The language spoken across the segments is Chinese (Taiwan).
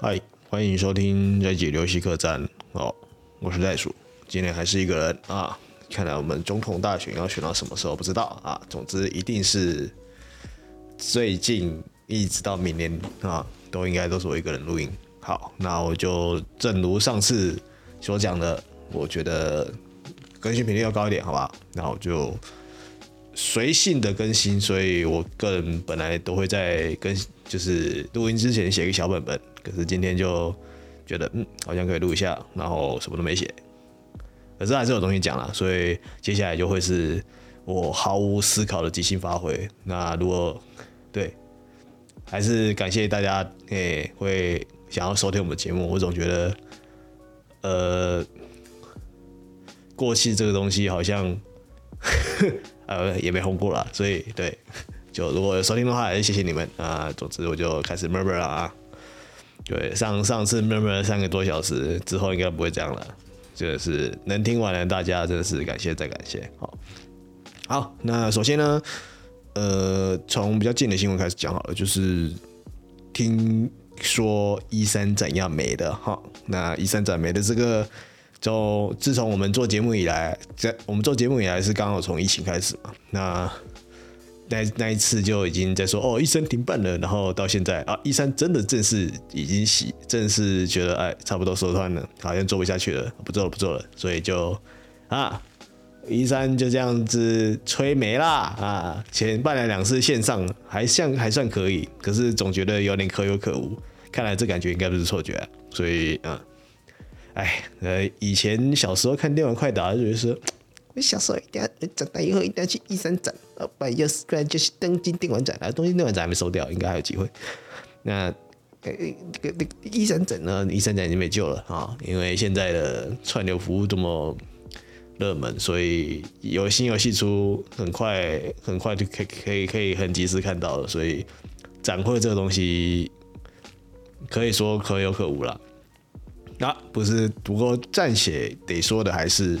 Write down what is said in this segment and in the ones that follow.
嗨，Hi，歡迎收聽《這集遊戲客棧》哦，我是賴鼠，今天還是一個人啊，看來我們總統大選要選到什麼時候不知道啊。總之，一定是最近一直到明年啊，都應該都是我一個人錄音。好，那我就正如上次所講的，我覺得更新頻率要高一點，好吧？那我就。隨性的更新，所以我個人本來都會在更就是錄音之前寫一個小本本，可是今天就覺得嗯，好像可以錄一下，然後什麼都沒寫，可是還是有東西講啦，所以接下來就會是我毫無思考的即興發揮。那如果對，還是感謝大家誒、欸、會想要收聽我們的節目，我總覺得呃過氣這個東西好像。 呃，也沒紅過了，所以對，就如果有收聽的話，還是謝謝你們啊。總之我就開始 murmur 了啊。對，上上次 murmur 了三個多小時之後，應該不會這樣了。就是能聽完的大家，真的是感謝再感謝。好，好，那首先呢，呃，從比較近的新聞開始講好了，就是聽說 E3 展，要沒的哈，那 E3 展沒美的這個。就自從我們做節目以來，在我們做節目以來，是剛好從疫情開始嘛？那那那一次就已經在說哦，E3 停辦了，然後到現在啊，E3 真的正式已經洗，正式覺得哎，差不多收攤了，好像做不下去了，不做了不做了，所以就啊，E3 就這樣子吹沒啦啊，前辦了兩次線上，還像還算可以，可是總覺得有點可有可無，看來這感覺應該不是錯覺、啊，所以嗯。啊哎，呃，以前小時候看《電玩快打》，就覺得說，我小時候一定要長大以後一定要去 E3 展，要不然就是，然就是東京電玩展。啊，東京電玩展還沒收掉，應該還有機會。那那個那個 E3 展呢？E3 展已經沒救了啊，哦，因為現在的串流服務這麼熱門，所以有新遊戲出，很快很快就可以可以可以很及時看到了。所以展會這個東西，可以說可有可無了。那、啊、不是不，不過暫且得說的還是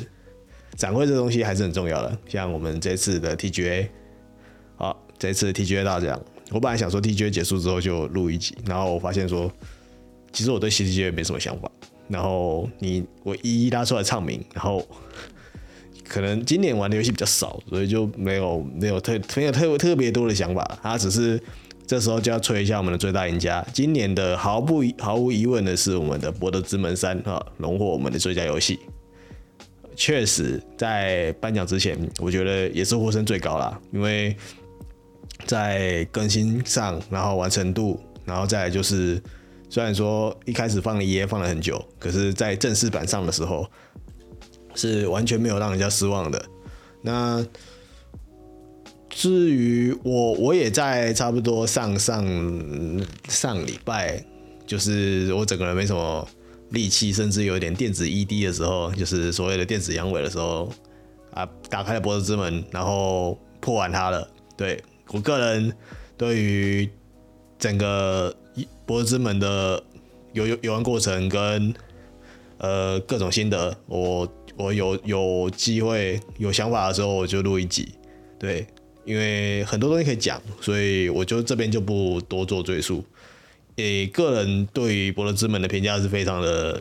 展會這東西還是很重要的。像我們這次的 TGA，好，這次的 TGA 大獎，我本來想說 TGA 結束之後就錄一集，然後我發現說，其實我對 TGA 沒什麼想法。然後你我一一拉出來唱名，然後可能今年玩的遊戲比較少，所以就沒有沒有特沒有特特別多的想法，他、啊、只是。這時候就要吹一下我們的最大贏家，今年的毫不毫無疑問的是我們的《博德之門三》啊，榮獲我們的最佳遊戲。確實，在頒獎之前，我覺得也是呼聲最高啦，因為在更新上，然後完成度，然後再就是，雖然說一開始放了 EA，放了很久，可是在正式版上的時候，是完全沒有讓人家失望的。那至於我，我也在差不多上上上禮拜，就是我整個人沒什麼力氣，甚至有點電子 ED 的時候，就是所謂的電子陽痿的時候，啊，打開了博德之門，然後破完它了。對，我個人對於整個博德之門的遊游遊玩過程跟呃各種心得，我我有有機會有想法的時候，我就錄一集，對。因為很多東西可以講，所以我就這邊就不多做贅述。誒，個人對於《博德之門》的評價是非常的，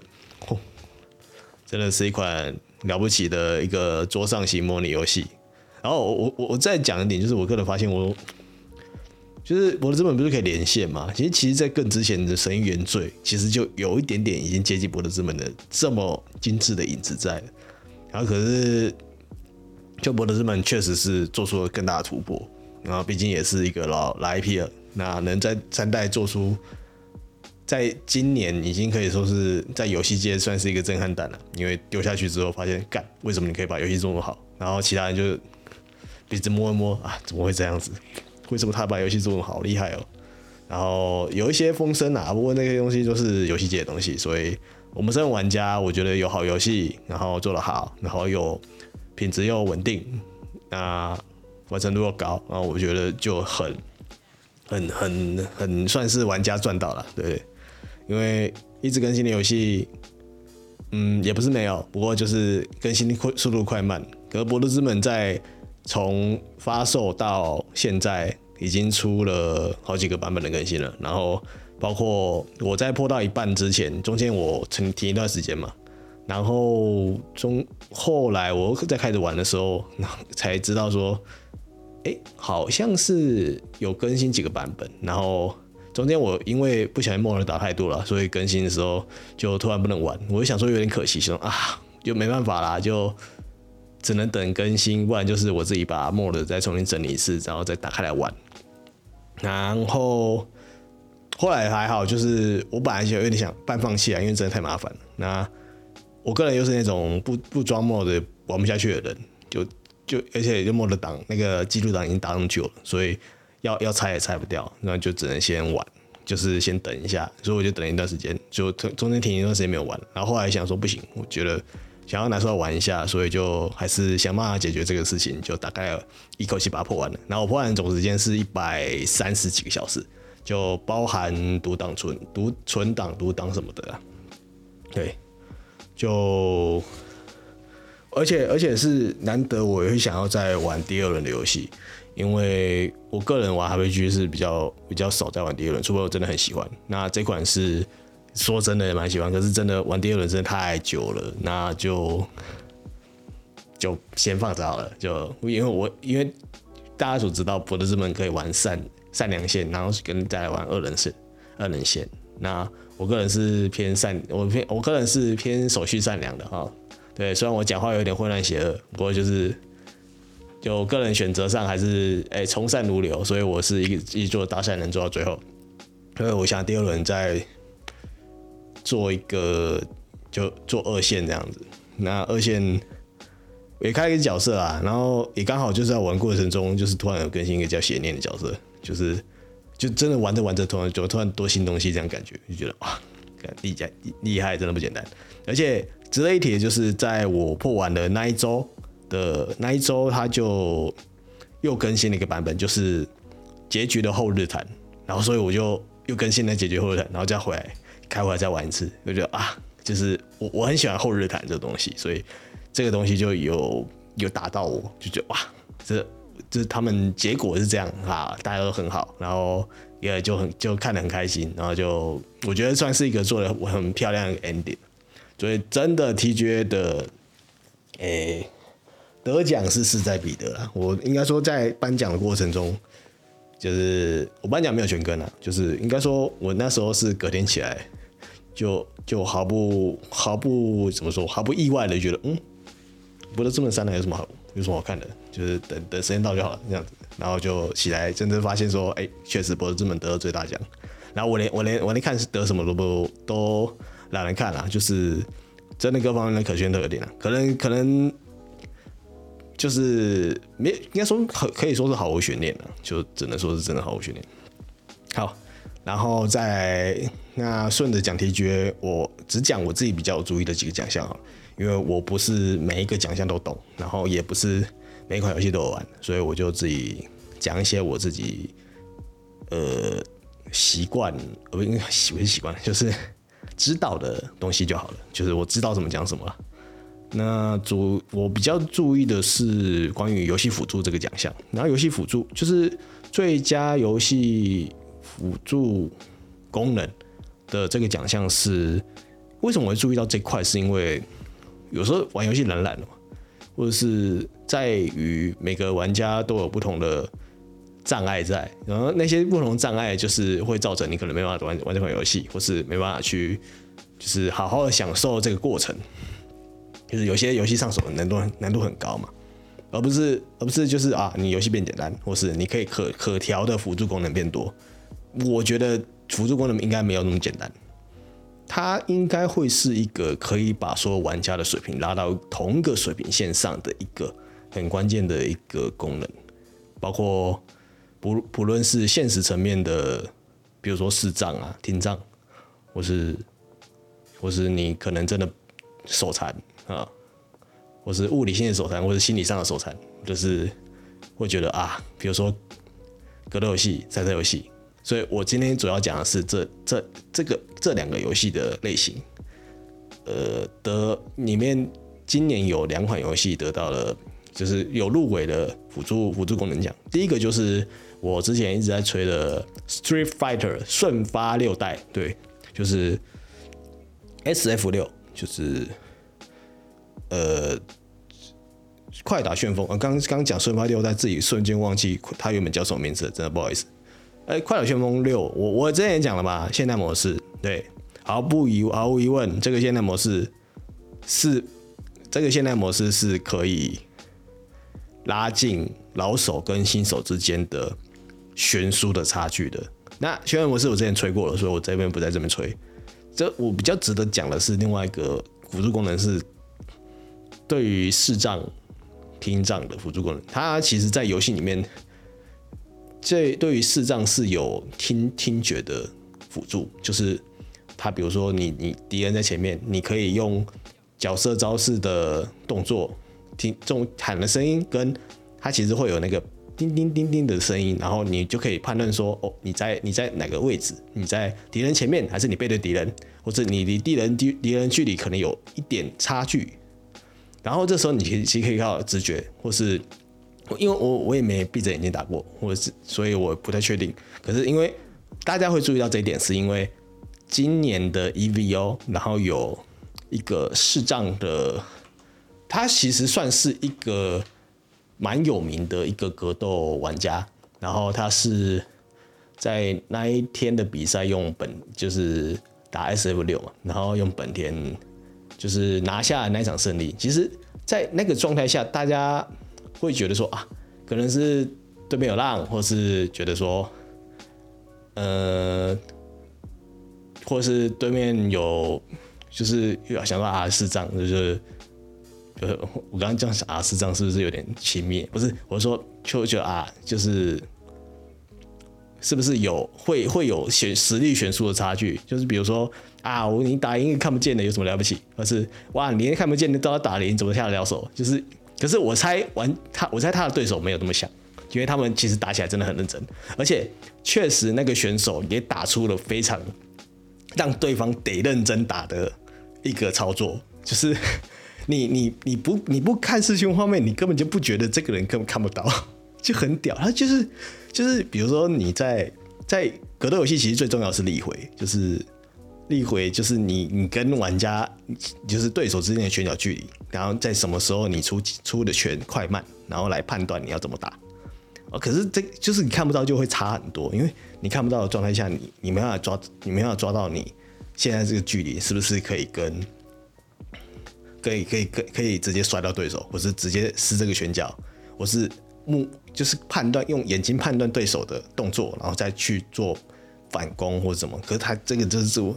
真的是一款了不起的一個桌上型模擬遊戲。然後我我我再講一點，就是我個人發現我，就是《博德之門》不是可以連線嘛？其實其實，在更之前的《神界原罪》，其實就有一點點已經接近《博德之門》的這麼精緻的影子在。然後可是。就博德之門確實是做出了更大的突破，然後畢竟也是一個老老 IP 了，那能在三代做出，在今年已經可以說是在遊戲界算是一個震撼彈了。因為丟下去之後發現，幹，為什麼你可以把遊戲做這麼好？然後其他人就鼻子摸一摸啊，怎麼會這樣子？為什麼他把遊戲做得好厲害哦？然後有一些風聲啊，不過那些東西就是遊戲界的東西，所以我們身為玩家，我覺得有好遊戲，然後做得好，然後有。品質又穩定，那完成度又高，然後我覺得就很、很、很、很算是玩家賺到了，對，對。因為一直更新的遊戲，嗯，也不是沒有，不過就是更新快速度快慢。可是《博德之門》在從發售到現在，已經出了好幾個版本的更新了，然後包括我在破到一半之前，中間我曾停一段時間嘛。然後中後來我再開始玩的時候，才知道說，哎，好像是有更新幾個版本。然後中間我因為不小心 mod 打太多了，所以更新的時候就突然不能玩。我就想說有點可惜，就啊就沒辦法啦，就只能等更新，不然就是我自己把 mod 再重新整理一次，然後再打開來玩。然後後來還好，就是我本來就有點想半放棄啊，因為真的太麻煩了。那我個人又是那種不不裝 mod 的玩不下去的人，就就而且就 mod 的檔那個記錄檔已經打上去了，所以要要拆也拆不掉，那就只能先玩，就是先等一下，所以我就等了一段時間，就中間停一段時間沒有玩，然後後來想說不行，我覺得想要拿出來玩一下，所以就還是想辦法解決這個事情，就大概一口氣把它破完了，然後我破完總時間是一百三十幾個小時，就包含讀檔存讀存檔讀檔什麼的，啊，對。就，而且而且是難得，我也會想要再玩第二輪的遊戲，因為我個人玩 HPG 是比較比較少在玩第二輪，除非我真的很喜歡。那這款是說真的也蠻喜歡，可是真的玩第二輪真的太久了，那就就先放着好了。就因為我因為大家所知道，《博德之門》可以玩善善良線，然後跟再來玩惡人線、惡人線。那我個人是偏善，我偏我個人是偏守序善良的哈。對，雖然我講話有點混亂邪惡，不過就是就我個人選擇上還是哎欸，從善如流，所以我是一個一座大善人做到最後。因為我想第二輪再做一個就做二線這樣子，那二線也開一個角色啦，然後也剛好就是在玩過程中就是突然有更新一個叫邪念的角色，就是。就真的玩着玩着，突然就突然多新東西這樣感覺，就覺得哇，厲害厲害，真的不簡單。而且值得一提的就是，在我破完的那一周的那一周，他就又更新了一個版本，就是結局的後日談。然後所以我就又更新了結局後日談，然後再回來開回來再玩一次，就覺得啊，就是我我很喜歡後日談這個東西，所以這個東西就有有打到我，就覺得哇，這。就是他們結果是這樣啊，大家都很好，然後也就很就看得很開心，然後就我覺得算是一個做的我很漂亮的 ending，所以真的 TGA 的誒、欸、得獎是勢在必得了。我應該說在頒獎的過程中，就是我頒獎沒有選歌呢，就是應該說我那時候是隔天起來就就毫不毫不怎麼說毫不意外的覺得嗯，不知道這麼三台有什麼好？有什麼好看的，就是等等時間到就好了，這樣子，然後就起來，真正發現說，哎、欸，確實博德之門得了最大獎，然後我連我連我連看是得什麼都不都懶得看了、啊，就是真的各方面的可圈可點啊，可能可能就是沒應該說可可以說是毫無懸念了、啊，就只能說是真的毫無懸念。好，然後再那順着講題訣，我只講我自己比較有注意的幾個獎項哈。因為我不是每一個獎項都懂，然後也不是每一款遊戲都有玩，所以我就自己講一些我自己呃習慣，呃，呃我不，應該不習慣，就是知道的東西就好了。就是我知道怎麼講什麼了啊。那主我比較注意的是關於遊戲輔助這個獎項，然後遊戲輔助就是最佳遊戲輔助功能的這個獎項。是為什麼我會注意到這塊？是因為有時候玩遊戲懶懶的嘛，或者是在於每個玩家都有不同的障礙在，然後那些不同障礙就是會造成你可能沒辦法玩玩這款遊戲，或是沒辦法去就是好好的享受這個過程。就是有些遊戲上手的難度難度很高嘛，而不是而不是就是啊，你遊戲變簡單，或是你可以可可調的輔助功能變多，我覺得輔助功能應該沒有那麼簡單。它應該會是一個可以把所有玩家的水平拉到同一個水平線上的一個很關鍵的一個功能，包括不不論是現實層面的，比如說視障啊、聽障，或是或是你可能真的手殘啊，或是物理性的手殘，或是心理上的手殘，就是會覺得啊，比如說格鬥遊戲、賽車遊戲。所以我今天主要講的是這這這個這兩個遊戲的類型，呃，的，裡面今年有兩款遊戲得到了，就是有入圍的輔助輔助功能獎。第一個就是我之前一直在吹的《Street Fighter》瞬發六代，對，就是 SF 六，就是呃，快打旋風。呃，剛剛講瞬發六代，自己瞬間忘記它原本叫什麼名字，真的不好意思。哎，欸《快手旋風六》，我我之前也講了嘛，現代模式，對，毫不疑毫無疑問，這個現代模式是，這個現代模式是可以拉近老手跟新手之間的懸殊的差距的。那現在模式我之前吹過了，所以我這邊不在這邊吹。這我比較值得講的是另外一個輔助功能是對於視障、聽障的輔助功能，它其實在遊戲裡面。這對於視障是有聽聽覺的輔助，就是他比如說你你敵人在前面，你可以用角色招式的動作聽這種喊的聲音，跟他其實會有那個叮叮叮叮的聲音，然後你就可以判斷說，哦你在你在哪個位置，你在敵人前面還是你背對敵人，或者你離敵人敵敵人距離可能有一點差距，然後這時候你其實，其實可以靠直覺或是。因為我我也沒閉着眼睛打過，我是所以我不太確定。可是因為大家會注意到這一點，是因為今年的 EVO，然後有一個視障的，他其實算是一個蠻有名的一個格鬥玩家，然後他是在那一天的比賽用本就是打 SF 六嘛，然後用本田就是拿下那場勝利。其實，在那個狀態下，大家，會覺得說啊，可能是對面有浪，或是覺得說，呃，或是對面有，就是又要想到啊四仗，就是就是我剛剛講啊四仗是不是有點親密？不是，我說求求啊，就是是不是有會會有選實力懸殊的差距？就是比如說啊，我你打贏看不見的有什麼了不起？或是哇，你連看不見的都要打贏，你怎麼下得了手？就是。可是我猜玩他，我猜他的對手沒有這麼想，因為他們其實打起來真的很認真，而且確實那個選手也打出了非常讓對方得認真打的一個操作，就是你你你不你不看視頻畫面，你根本就不覺得這個人根本看不到，就很屌。他就是就是比如說你在在格鬥遊戲，其實最重要是立回，就是。立回就是你，你跟玩家，就是對手之間的拳腳距離，然後在什麼時候你出出的拳快慢，然後來判斷你要怎麼打。哦、可是這就是你看不到就會差很多，因為你看不到的狀態下你，你你們要抓，你們要抓到你現在這個距離是不是可以跟，可以可以可可以直接摔到對手，或是直接撕這個拳腳，我是目就是判斷，用眼睛判斷對手的動作，然後再去做反攻或者什麼，可是他這個就是我。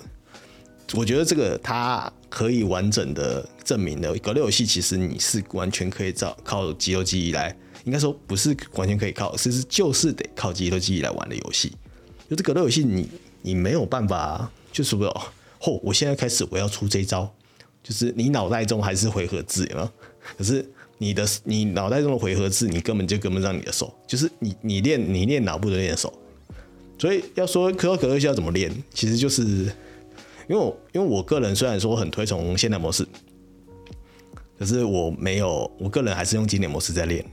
我覺得這個它可以完整的證明了格鬥遊戲，其實你是完全可以靠靠肌肉記憶來，應該說不是完全可以靠，其實就是得靠肌肉記憶來玩的遊戲。就是格鬥遊戲，你你沒有辦法，就是說，哦，我現在開始我要出這一招，就是你腦袋中還是回合制，有沒有？可是你的你腦袋中的回合制，你根本就跟不上你的手，就是你你練你練腦部練的練手，所以要說格鬥遊戲要怎麼練，其實就是。因為，因為我個人雖然說很推崇現代模式，可是我沒有，我個人還是用經典模式在練。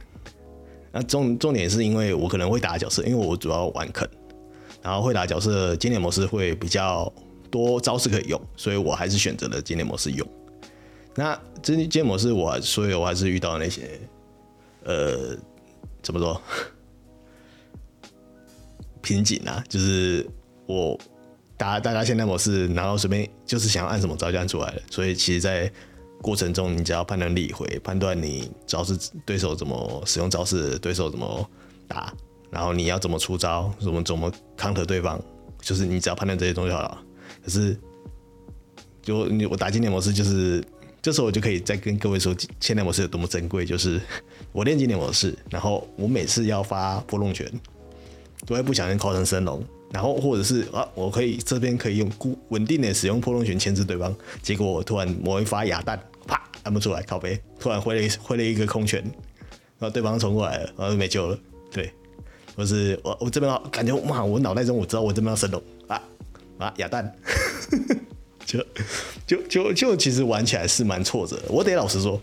那重重點是因為我可能會打角色，因為我主要玩肯，然後會打角色，經典模式會比較多招式可以用，所以我還是選擇了經典模式用。那經典模式我，所以我還是遇到那些，呃，怎麼說瓶頸啊？就是我。打大家現代模式，然後隨便就是想要按什麼招就按出來了，所以其實，在過程中你只要判斷力會回，判斷你只要是對手怎麼使用招式，對手怎麼打，然後你要怎麼出招，怎麼怎麼 counter 對方，就是你只要判斷這些東西好了。可是，就我打經典模式，就是這時候我就可以再跟各位說，現代模式有多麼珍貴，就是我練經典模式，然後我每次要發波動拳，都會不小心造成升龍。然後，或者是啊，我可以這邊可以用固穩定的使用波動拳牽制對方，結果我突然摸一發啞彈，啪，按不出來，靠北，突然揮了一揮了一個空拳，然後對方衝過來了，然後就沒救了。對，就是、我是我我這邊、啊、感覺，哇，我腦袋中我知道我這邊要升龍啊啊啞彈呵呵，就就就就，就其實玩起來是蠻挫折的。我得老實說，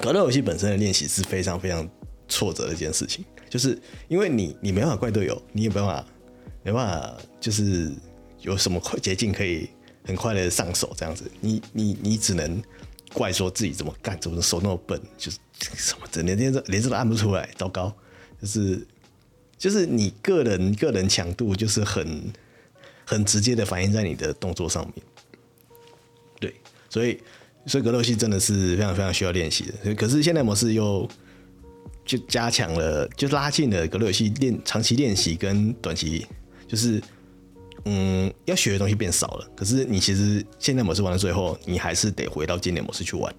格鬥遊戲本身的練習是非常非常挫折的一件事情，就是因為你你沒法怪隊友，你也沒辦法。沒辦法，就是有什麼捷徑可以很快的上手這樣子，你你你只能怪說自己怎麼幹怎麼手那麼笨，就是什麼連這連這都按不出來，糟糕，就是就是你個人個人強度就是很很直接的反映在你的動作上面，對，所以所以格鬥戲真的是非常非常需要練習的，可是現在模式又就加強了，就拉近了格鬥遊戲練長期練習跟短期。就是，嗯，要學的東西變少了。可是你其實現在模式玩到最後，你還是得回到經典模式去玩，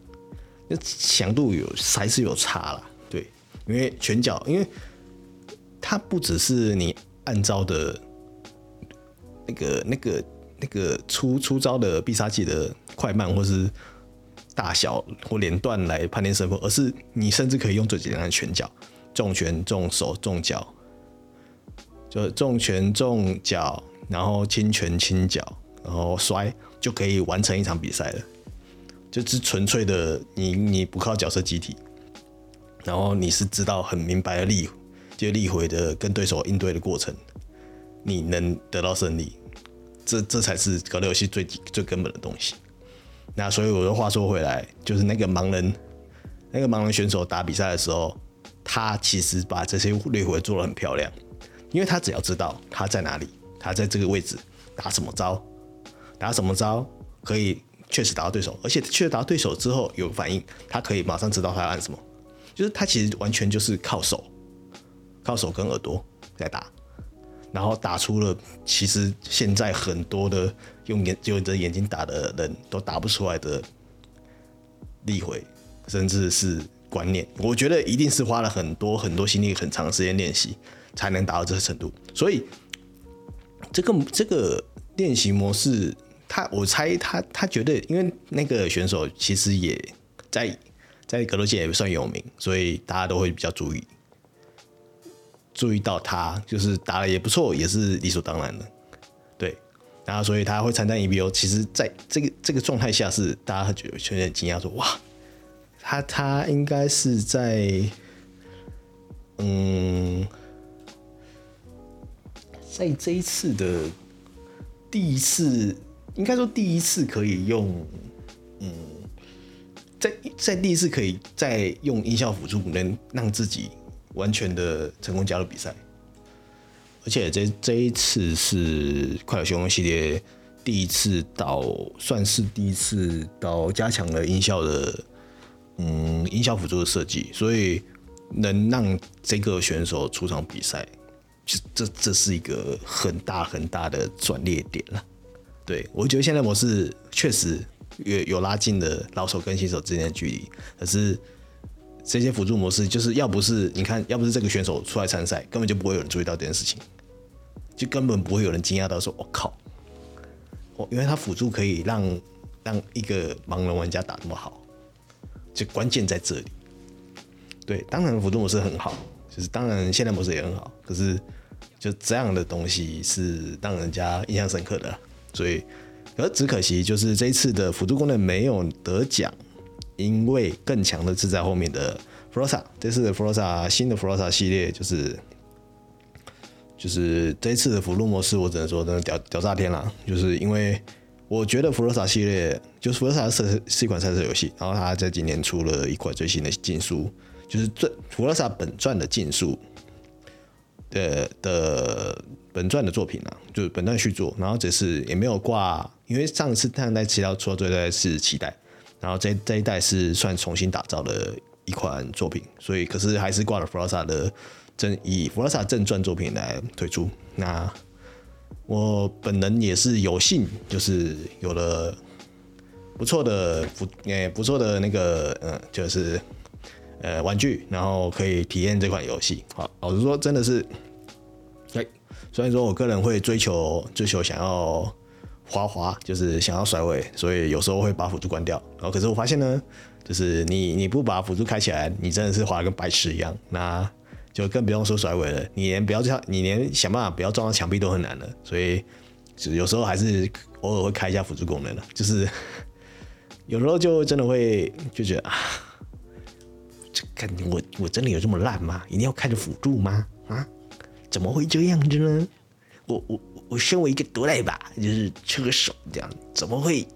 那強度有還是有差啦，對，因為拳腳，因為它不只是你按照的，那個、那個、那個出出招的必殺技的快慢，或是大小或連段來判定勝負，而是你甚至可以用最簡單的拳腳，重拳、重手、重腳。就重拳重腳，然後輕拳輕腳，然後摔就可以完成一場比賽了。就是純粹的你，你你不靠角色集體，然後你是知道很明白的力就是、力回的跟對手應對的過程，你能得到勝利。這這才是格鬥遊戲最最根本的東西。那所以我的話說回來，就是那個盲人那個盲人選手打比賽的時候，他其實把這些力回做得很漂亮。因為他只要知道他在哪裡，他在這個位置打什麼招，打什麼招可以確實打到對手，而且確實打到對手之後有反應，他可以馬上知道他要按什麼。就是他其實完全就是靠手、靠手跟耳朵在打，然後打出了其實現在很多的用眼就用的眼睛打的人都打不出來的立回，甚至是觀念。我覺得一定是花了很多很多心力、很長的時間練習。才能達到這個程度，所以這個這個練習模式，他我猜他他覺得，因為那個選手其實也在在格鬥界也不算有名，所以大家都會比較注意注意到他，就是打得也不錯，也是理所當然的。對，然後所以他會參加 EBO，其實在這個這個狀態下是大家覺得很驚訝，說哇，他他應該是在嗯。在這一次的第一次，應該說第一次可以用，嗯，在在第一次可以再用音效輔助，能讓自己完全的成功加入比賽。而且這這一次是《快打旋風》系列第一次到，算是第一次到加強了音效的，嗯，音效輔助的設計，所以能讓這個選手出場比賽。這這，這是一個很大很大的轉捩點了。對，我覺得現在模式確實有有拉近了老手跟新手之間的距離。可是這些輔助模式就是要不是你看，要不是這個選手出來參賽，根本就不會有人注意到這件事情，就根本不會有人驚訝到說“我靠”，我因為他輔助可以讓讓一個盲人玩家打那麼好，就關鍵在這裡。對，當然輔助模式很好，就是當然現在模式也很好，可是。就這樣的東西是讓人家印象深刻的，所以，而只可惜就是這一次的輔助功能沒有得獎，因為更強的是在後面的 Forza。這次的 Forza，新的 Forza 系列就是，就是這一次的輔助模式，我只能說真的屌屌炸天了，啊。就是因為我覺得 Forza 系列，就是 Forza 是是一款賽車遊戲，然後它在今年出了一款最新的競速，就是最 Forza 本傳的競速。的的本傳的作品呢、啊，就是本傳續作，然後只是也沒有掛，因為上次上代七代出作代是七代，然後這這一代是算重新打造的一款作品，所以可是還是掛了弗拉薩的正，以弗拉薩正傳作品來推出。那我本人也是有幸，就是有了不錯的不、欸、不錯的那個嗯，就是。呃，玩具，然後可以體驗這款遊戲。好，老實說，真的是，哎，雖然說我個人會追求追求想要滑滑，就是想要甩尾，所以有時候會把輔助關掉。然後，可是我發現呢，就是你你不把輔助開起來，你真的是滑的跟白痴一樣。那就更不用說甩尾了，你連不要你連想辦法不要撞到牆壁都很難了。所以，有時候還是偶爾會開一下輔助功能的，就是有時候就真的會就覺得啊。這看我，我真的有這麼爛嗎？一定要開着輔助嗎？啊，怎麼會這樣子呢？我我我身為一個獨來吧，就是車手這樣，怎麼會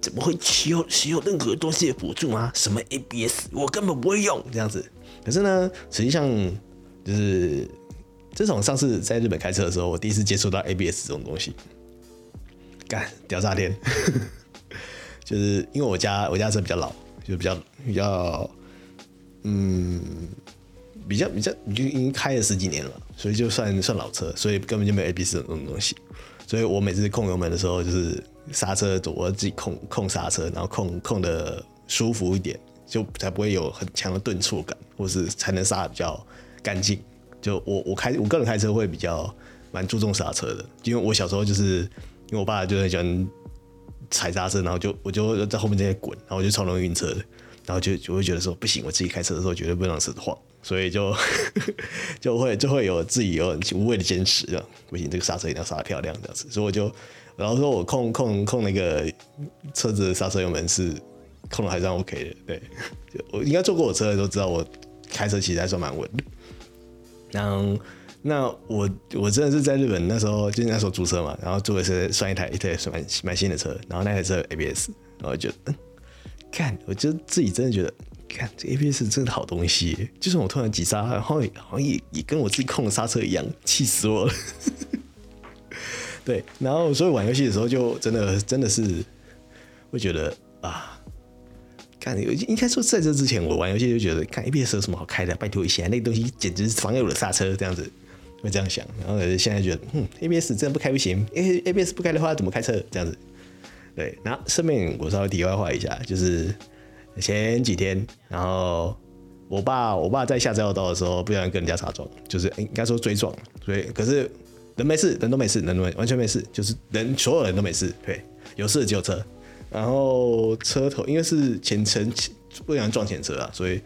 怎麼會需要需要任何東西的輔助嗎？什麼 ABS，我根本不會用這樣子。可是呢，實際上就是自從上次在日本開車的時候，我第一次接觸到 ABS 這種東西，幹屌炸天， 就是因為我家我家車比較老。就比較比較，嗯，比較比較，你就已經開了十幾年了，所以就算算老車，所以根本就沒有 ABS 那種東西。所以我每次控油門的時候，就是剎車，我要自己控控剎車，然後控控的舒服一點，就才不會有很強的頓挫感，或是才能剎的比較乾淨。就我我開我個人開車會比較蠻注重剎車的，因為我小時候就是因為我爸就很喜歡。踩剎車，然後就我就在後面這些滾，然後我就超容易暈車的，然後就我會覺得說不行，我自己開車的時候絕對不能讓車子晃，所以就 就會就會有自己有很無謂的堅持這樣，不行，這個剎車一定要剎得漂亮這樣子，所以我就然後說我控控控那個車子剎車油門是控得還算 OK 的，對，我應該坐過我車的都知道，我開車其實還算蠻穩的，然後。那我我真的是在日本那時候，就是、那時候租車嘛，然後租的是算一台，一台算蠻蠻新的車，然後那台車有 ABS，然後覺得看，我就自己真的覺得看這 ABS 真的好東西，就算我突然急剎，然後好像也然後也,也跟我自己控了剎車一樣，氣死我了。 對，然後所以玩遊戲的時候就真的真的是會覺得啊，看，應該說在這之前我玩遊戲就覺得看 ABS 有什麼好開的、啊，拜托一下，那個、東西簡直是妨礙我的剎車這樣子。會這樣想，然後現在覺得，嗯，ABS 真的不開不行，A ABS 不開的話怎麼開車？這樣子。對，然後順便我稍微題外話一下，就是前幾天，然後我爸我爸在下匝道的時候，不小心跟人家擦撞，就是應該說追撞，所以可是人沒事，人都沒事，人完完全沒事，就是人所有人都沒事。對，有事只有車，然後車頭因為是前程，不小心撞前車啊，所以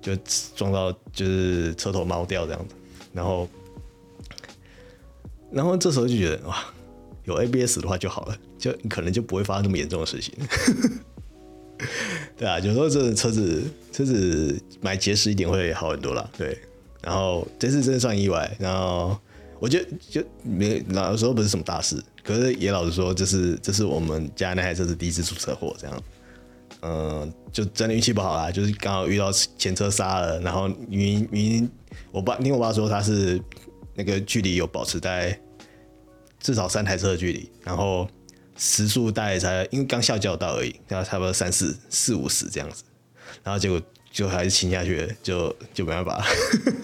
就撞到就是車頭貓掉這樣子，然後。然後這時候就覺得哇，有 ABS 的話就好了，就可能就不會發生那麼嚴重的事情。 對啊，有時候這車子車子買結實一點會好很多啦。對，然後這次真的算意外，然後我覺得就,就沒，老實說不是什麼大事，可是也老實說、就是，這是這是我們家那台車子第一次出車禍，這樣。嗯，就真的運氣不好啊，就是剛好遇到前車剎了，然後雲雲，我爸聽我爸說他是。那個距離有保持在至少三台車的距離，然後時速大概才因為剛下交道而已，然後差不多三四四五十這樣子，然後結果就還是親下去，就就沒辦法，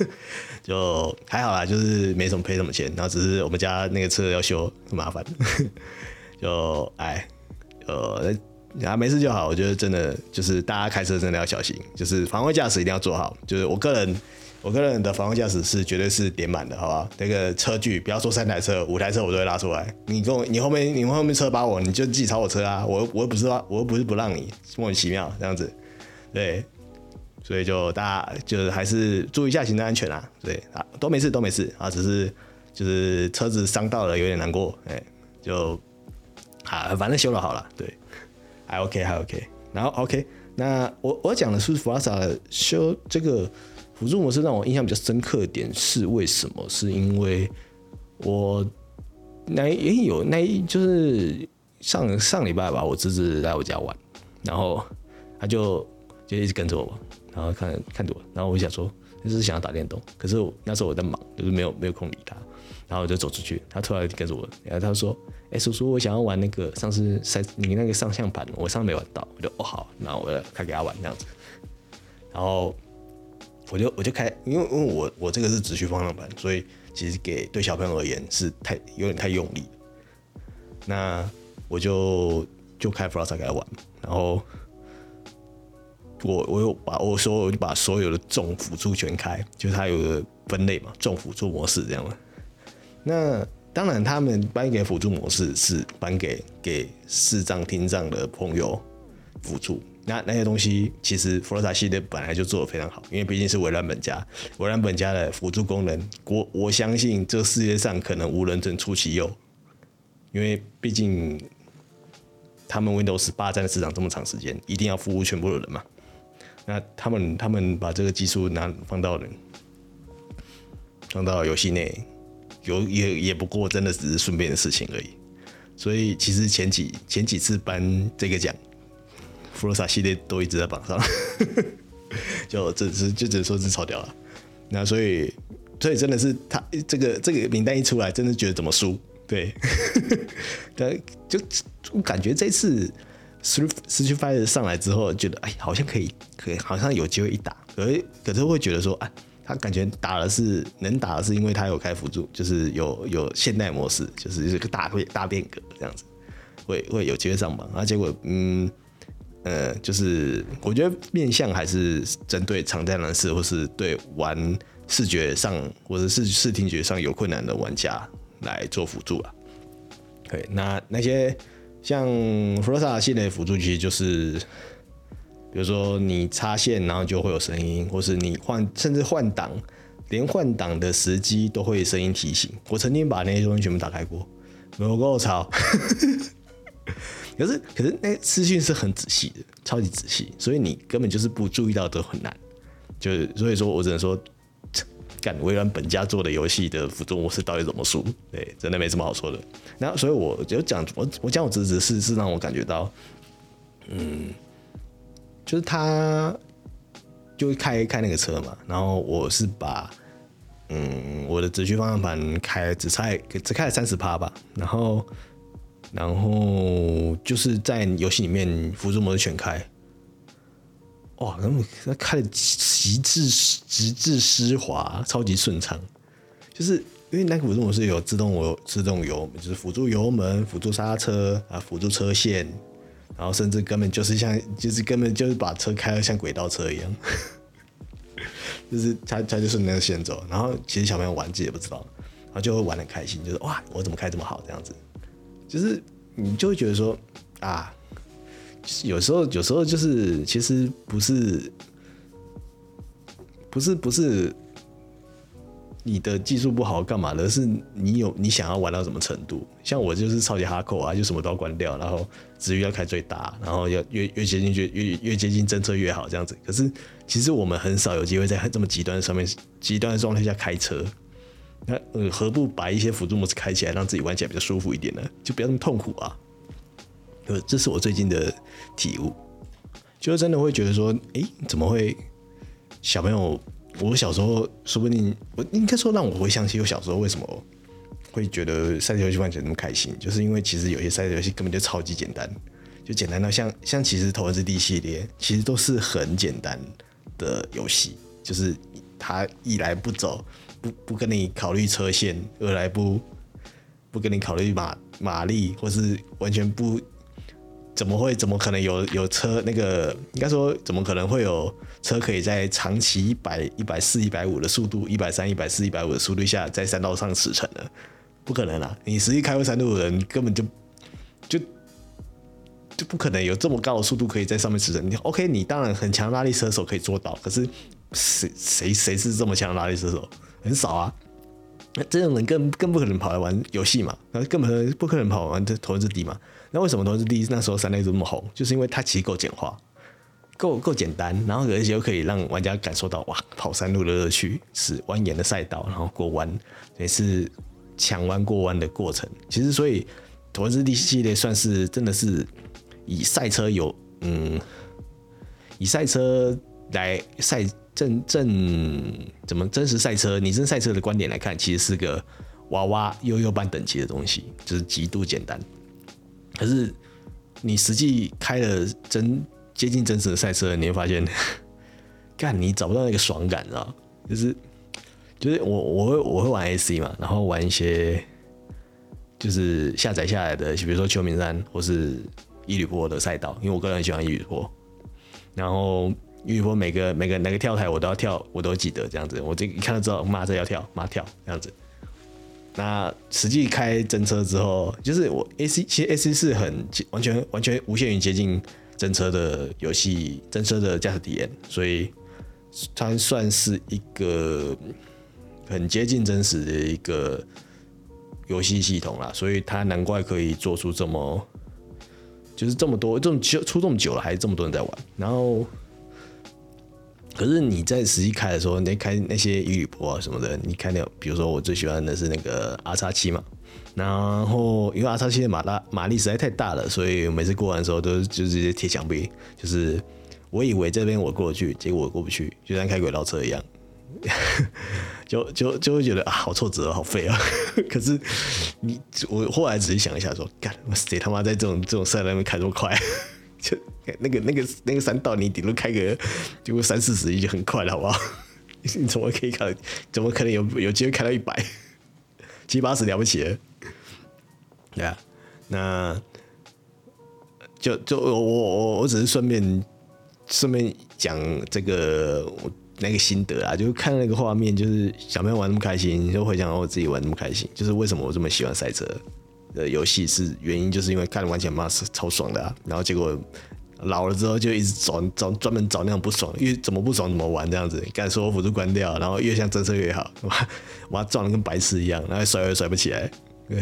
就還好啦，就是沒什麼賠什麼錢，然後只是我們家那個車要修，很麻煩， 就哎，呃，啊沒事就好，我覺得真的就是大家開車真的要小心，就是防衛駕駛一定要做好，就是我個人。我個人的防空駕駛是絕對是點滿的，好吧？那個車距，不要說三台車、五台車，我都會拉出來。你跟我，你後面，你後面車把我，你就自己超我車啊！我我又不是，我又不是不讓你，莫名其妙這樣子，對。所以就大家就是還是注意一下行車安全啊。對啊，都沒事，都沒事啊，只是就是車子傷到了，有點難過，哎，就啊，反正修了好了，對，還 OK 還 OK，然後 OK，那我我講的是弗拉薩修這個。輔助模式讓我印象比較深刻的點是為什麼？是因為我那也、欸、有那一，就是上上禮拜吧，我侄子來我家玩，然後他就就一直跟着我玩，然後看看我，然後我想說，就是想要打電動，可是那時候我在忙，就是沒有沒有空理他，然後我就走出去，他突然跟着我，然後他說：“哎、欸，叔叔，我想要玩那個上次賽，你那個方向盤，我上次沒玩到。”我就哦好，那我開給他玩這樣子，然後。我就我就開，因為因為我我這個是直驅方向盤，所以其實給對小朋友而言是太有點太用力。那我就就開 F1 賽車給他玩，然後我我又把我所有就把所有的重輔助全開，就是它有個分類嘛，重輔助模式這樣的。那當然，他們頒給輔助模式是頒給給視障聽障的朋友輔助。那那些東西，其實《Forza》系列本來就做的非常好，因為畢竟是微軟本家，微軟本家的輔助功能，我我相信這世界上可能無人能出其右，因為畢竟他們 Windows 霸佔了市場這麼長時間，一定要服務全部的人嘛。那他們他們把這個技術拿放到放到遊戲內，有也也不過真的只是順便的事情而已。所以其實前幾前幾次頒這個獎。弗洛薩系列都一直在榜上 就，就只是就只能說是超屌了，啊。那所以所以真的是他這個這個名單一出來，真的覺得怎麼輸？對，但 就，就，就感覺這次 Split Fiction 上來之後，覺得哎，好像可以，可以好像有機會一打。可可是會覺得說，哎、啊，他感覺打的是能打的是，因為他有開輔助，就是有有現代模式，就是這個大變大變革這樣子，會會有機會上榜。而結果，嗯。呃、嗯，就是我覺得面向還是針對常在人士，或是對玩視覺上或者是視聽覺上有困難的玩家來做輔助了。對，那那些像 Frosa 系列輔助，其實就是，比如說你插線，然後就會有聲音，或是你換，甚至換擋，連換擋的時機都會聲音提醒。我曾經把那些東西全部打開過，沒有佬，我操！可是，可是那資訊是很仔細的，超級仔細，所以你根本就是不注意到的都很難。就是，所以說我只能說，乾微軟本家做的遊戲的輔助模式到底怎麼輸？對，真的沒什麼好說的。然後，所以我就講，我我講我直直是是讓我感覺到，嗯，就是他就開開那個車嘛，然後我是把嗯我的直驅方向盤開只開只開了三十趴吧，然後。然後就是在遊戲裡面輔助模式全開，哇，那麼它開的極致極致絲滑，超級順暢。就是因為那個輔助模式有自動油自動油，就是輔助油門、輔助剎車啊、輔助車線，然後甚至根本就是像就是根本就是把車開的像軌道車一樣， 就是他他就順著那個線走。然後其實小朋友玩自己也不知道，然後就會玩的開心，就是哇，我怎麼開這麼好這樣子。就是你就會覺得說，啊，就是、有時候有時候就是其實不是，不是不是你的技術不好幹嘛的，是你有你想要玩到什麼程度。像我就是超級哈扣啊，就什麼都要關掉，然後至於要開最大，然後要越越接近去越越接近真車越好這樣子。可是其實我們很少有機會在這麼極端的上面極端的狀態下開車。那嗯，何不把一些輔助模式開起來，讓自己玩起來比較舒服一點呢？就不要那麼痛苦啊！呃，這是我最近的體悟，就是真的會覺得說，哎、欸，怎麼會？小朋友，我小時候說不定我應該說，讓我回想起我小時候為什麼會覺得賽車遊戲玩起來那麼開心，就是因為其實有些賽車遊戲根本就超級簡單，就簡單到像像其實《頭文字 D》系列，其實都是很簡單的遊戲，就是它一來不走。不跟你考慮車線，而來不不跟你考慮馬馬力，或是完全不怎麼會？怎麼可能有有車？那個應該說，怎麼可能會有車可以在長期一百一百四一百五的速度，一百三一百四一百五的速度下，在山道上馳騁的？不可能啦，啊，你實際開過山道的人根本就就就不可能有這麼高的速度可以在上面馳騁。你 OK？你當然很強，拉力車手可以做到，可是誰誰誰是這麼強的拉力車手？很少啊，那這種人更更不可能跑來玩遊戲嘛，那更不可能跑完玩這《頭文字 D》嘛。那為什麼《頭文字 D》那時候三代這麼紅？就是因為它其實夠簡化，夠夠簡單，然後而且又可以讓玩家感受到哇跑山路的樂趣，是蜿蜒的賽道，然後過彎，也是搶彎過彎的過程。其實所以《頭文字 D》系列算是真的是以賽車有嗯以賽車來賽。真正，正，怎麼真實賽車？你真實賽車的觀點來看，其實是個娃娃幼幼班等級的東西，就是極度簡單。可是你實際開了真接近真實的賽車，你會發現，呵呵幹你找不到那個爽感，你知道就是就是我我會我會玩 AC 嘛，然後玩一些就是下載下來的，比如說秋名山或是伊呂波的賽道，因為我個人很喜歡伊呂波，然後。因為我每個每個哪個跳台我都要跳，我都記得這樣子。我這一看就知道媽，這要跳，媽跳這樣子。那實際開真車之後，就是我 AC 其實 AC 是很完全完全無限於接近真車的遊戲，真車的駕駛體驗，所以它算是一個很接近真實的一個遊戲系統啦。所以它難怪可以做出這麼就是這麼多這麼久出這麼久了，還是這麼多人在玩。然後。可是你在實際開的時候，你開那些雨女坡啊什麼的，你開那，比如說我最喜歡的是那個 R 叉七嘛，然後因為 R 叉七的馬拉馬力實在太大了，所以我每次過完的時候都就直接貼牆壁，就是我以為這邊我過去，結果我過不去，就像開軌道車一樣， 就就就會覺得啊好挫折好廢啊。 可是你我後來仔細想一下，說幹，誰他媽在這種這種賽道上面開這麼快？就 那個那個那個山道，你頂多開個，就三四十一就很快了，好不好？ 你怎麼可以開？怎麼可能有有機會開到一百？ 七八十了不起了。對啊，那就就我我我我只是順便順便講這個那個心得啊，就是看那個畫面，就是小朋友玩那麼開心，就回想我自己玩那麼開心，就是為什麼我這麼喜歡賽車的遊戲是原因，就是因為看了玩起來嘛是超爽的，啊，然後結果老了之後就一直找找專門找那樣不爽，因為怎麼不爽怎麼玩這樣子。敢說我輔助關掉，然後越像真車越好，我要撞得跟白痴一樣，然後甩也甩不起來，對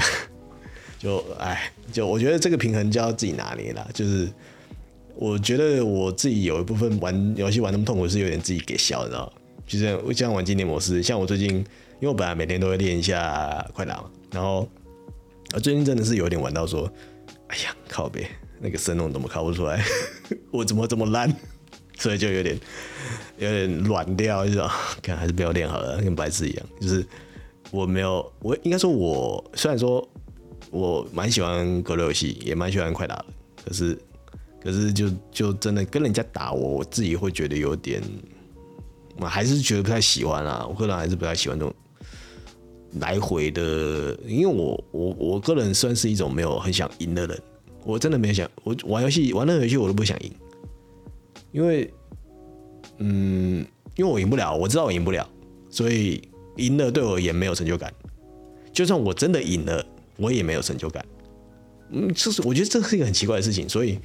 就哎就我覺得這個平衡就要自己拿捏了啦。就是我覺得我自己有一部分玩遊戲玩那麼痛苦是有點自己給笑，你知道？就是，像我常玩經典模式，像我最近因為我本來每天都會練一下快打嘛，然後。啊，最近真的是有點玩到說，哎呀，靠北那個升龍怎麼靠不出來？ 我怎麼這麼爛？所以就有點有點軟掉種，就是看還是不要練好了，跟白痴一樣。就是我沒有，我應該說我，我雖然說我蠻喜歡格鬥遊戲，也蠻喜歡快打的，可是可是就就真的跟人家打我，我我自己會覺得有點，我還是覺得不太喜歡啊。我個人還是不太喜歡這種。來回的，因為我我我個人算是一種沒有很想贏的人，我真的沒有想我玩遊戲玩任何遊戲我都不想贏，因為嗯，因為我贏不了，我知道我贏不了，所以贏了對我而言沒有成就感，就算我真的贏了，我也沒有成就感。嗯，這是我覺得這是一個很奇怪的事情，所以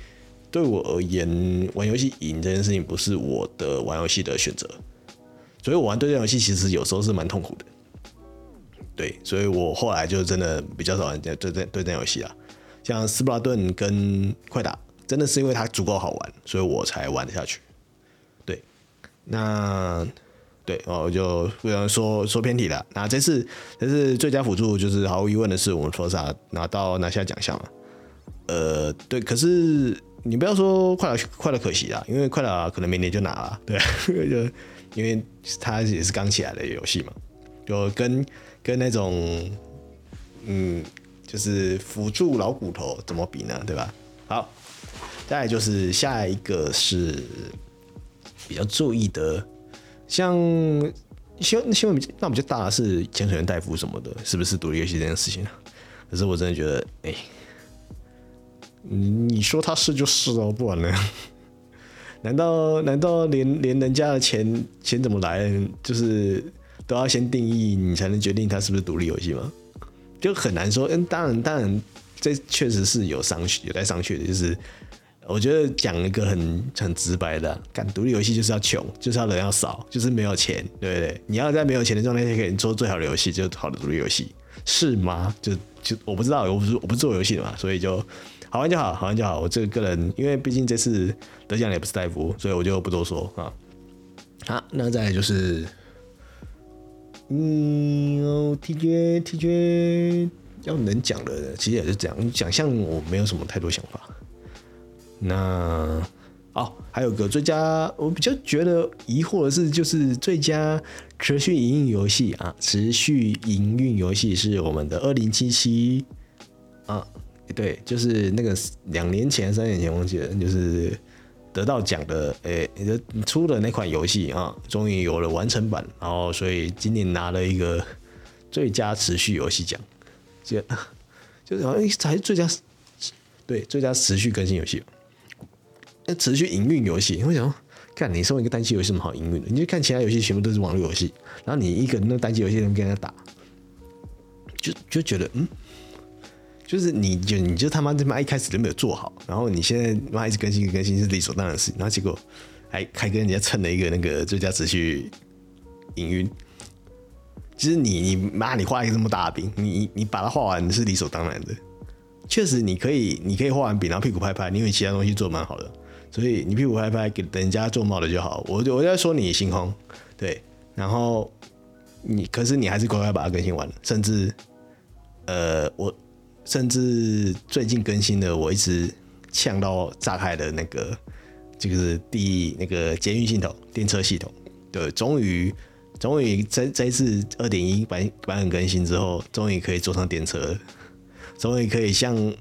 對我而言，玩遊戲贏這件事情不是我的玩遊戲的選擇，所以我玩對戰遊戲其實有時候是蠻痛苦的。對，所以我後來就真的比較少玩對這對戰遊戲了，像斯普拉遁跟快打，真的是因為它足夠好玩，所以我才玩得下去。對，那對，我、哦、就不常說說偏題了。那、啊、這次這次最佳輔助就是毫無疑問的是我們佛薩、啊、拿到拿下獎項了。呃，對，可是你不要說快打快打可惜啊，因為快打可能明年就拿了，對，就因為它也是剛起來的遊戲嘛，就跟。跟那種，嗯，就是輔助老骨頭怎麼比呢？對吧？好，再來就是下一個是比較注意的，像新聞新聞比那比較大，比較大的是潛水員戴夫什麼的，是不是獨立遊戲這件事情、啊、可是我真的覺得，哎、欸嗯，你說他是就是哦，不然呢？難道難道連連人家的錢錢怎麼來？就是。都要先定義你才能決定它是不是獨立遊戲嗎？就很難說。嗯，當然，當然，這確實是有商榷，有在商榷的。就是我覺得講一個很很直白的，幹獨立遊戲就是要窮，就是要人要少，就是沒有錢，對不對？你要在沒有錢的狀態下，可以做最好的遊戲，就是、好的獨立遊戲是嗎？就就我不知道，我不是我不做遊戲的嘛，所以就好玩就好，好玩就好。我這個,個人，因為畢竟這次得獎的也不是大夫，所以我就不多說啊。好，那再來就是。嗯哦，TGA TGA 要能講的人，其實也是這樣。獎項我沒有什麼太多想法。那哦，還有個最佳，我比較覺得疑惑的是，就是最佳持續營運遊戲啊，持續營運遊戲是我們的二零七七啊，對，就是那個兩年前三年前忘記了，就是。得到獎的，誒、欸，你的出的那款遊戲啊，終於有了完成版，然後所以今年拿了一個最佳持續遊戲獎，就就是好像才最佳對最佳持續更新遊戲，那、啊、持續營運遊戲，為什麼？看你送一個單機遊戲什麼好營運的？你就看其他遊戲全部都是網絡遊戲，然後你一個人那單機遊戲怎麼跟人家打？就就覺得嗯。就是你，你就你就他媽他媽一開始就沒有做好，然後你現在媽一直更新更新，是理所當然的事情，然後結果還還跟人家蹭了一個那個最佳持續營運，其實你你媽你畫一個這麼大的餅，你你把它畫完是理所當然的，確實你可以你可以畫完餅，然後屁股拍拍，你有其他東西做蠻好的，所以你屁股拍拍給人家做帽子就好。我就我在說你星空對，然後你可是你還是乖乖把它更新完了，甚至呃我。甚至最近更新的，我一直嗆到炸開的那個，就是第那個監獄系統電車系統，對，終於，終於這這次二點一版版本更新之後，終於可以坐上電車了，終於可以像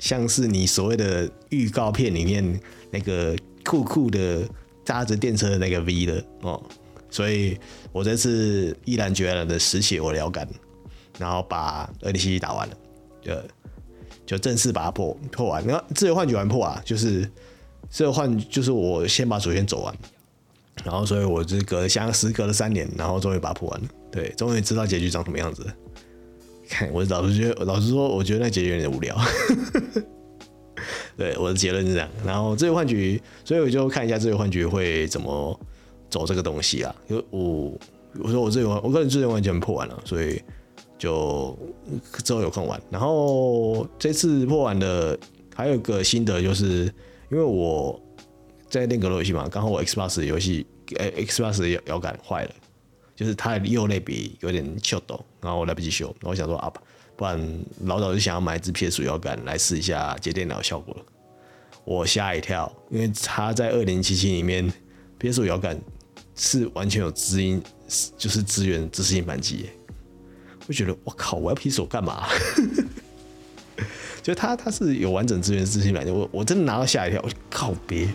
像是你所謂的預告片裡面那個酷酷的扎着電車的那個 V 了哦，所以我這次毅然決然的實血我了感，然後把二點七七打完了。呃，就正式把它破破完。然後自由幻局完破啊，就是這個幻就是我先把主線走完，然後所以我就隔了相時隔了三年，然後終於把它破完了。對，終於知道結局長什麼樣子了。看，我老實覺得，老實說，我覺得那結局有點無聊。 對，我的結論是這樣。然後自由幻局，所以我就看一下自由幻局會怎麼走這個東西啊。因為我我說我自由我個人自由幻局破完了，啊，所以。就之後有空玩，然後這次破完的還有一個心得就是，因為我在練格鬥遊戲嘛，剛好我 Xbox 遊戲誒、欸、Xbox 的搖桿壞了，就是它的右類比有點秀逗，然後我來不及修，然後我想說啊，不然老早就想要買一支 PS5 搖桿來試一下接電腦的效果了。我嚇一跳，因為他在二零七七裡面 PS5 搖桿是完全有支援，就是支援自適應扳機。就覺得我靠，我要 P 手幹嘛？ 就他他是有完整資源自信版的，我我真的拿到嚇一跳，我就告別。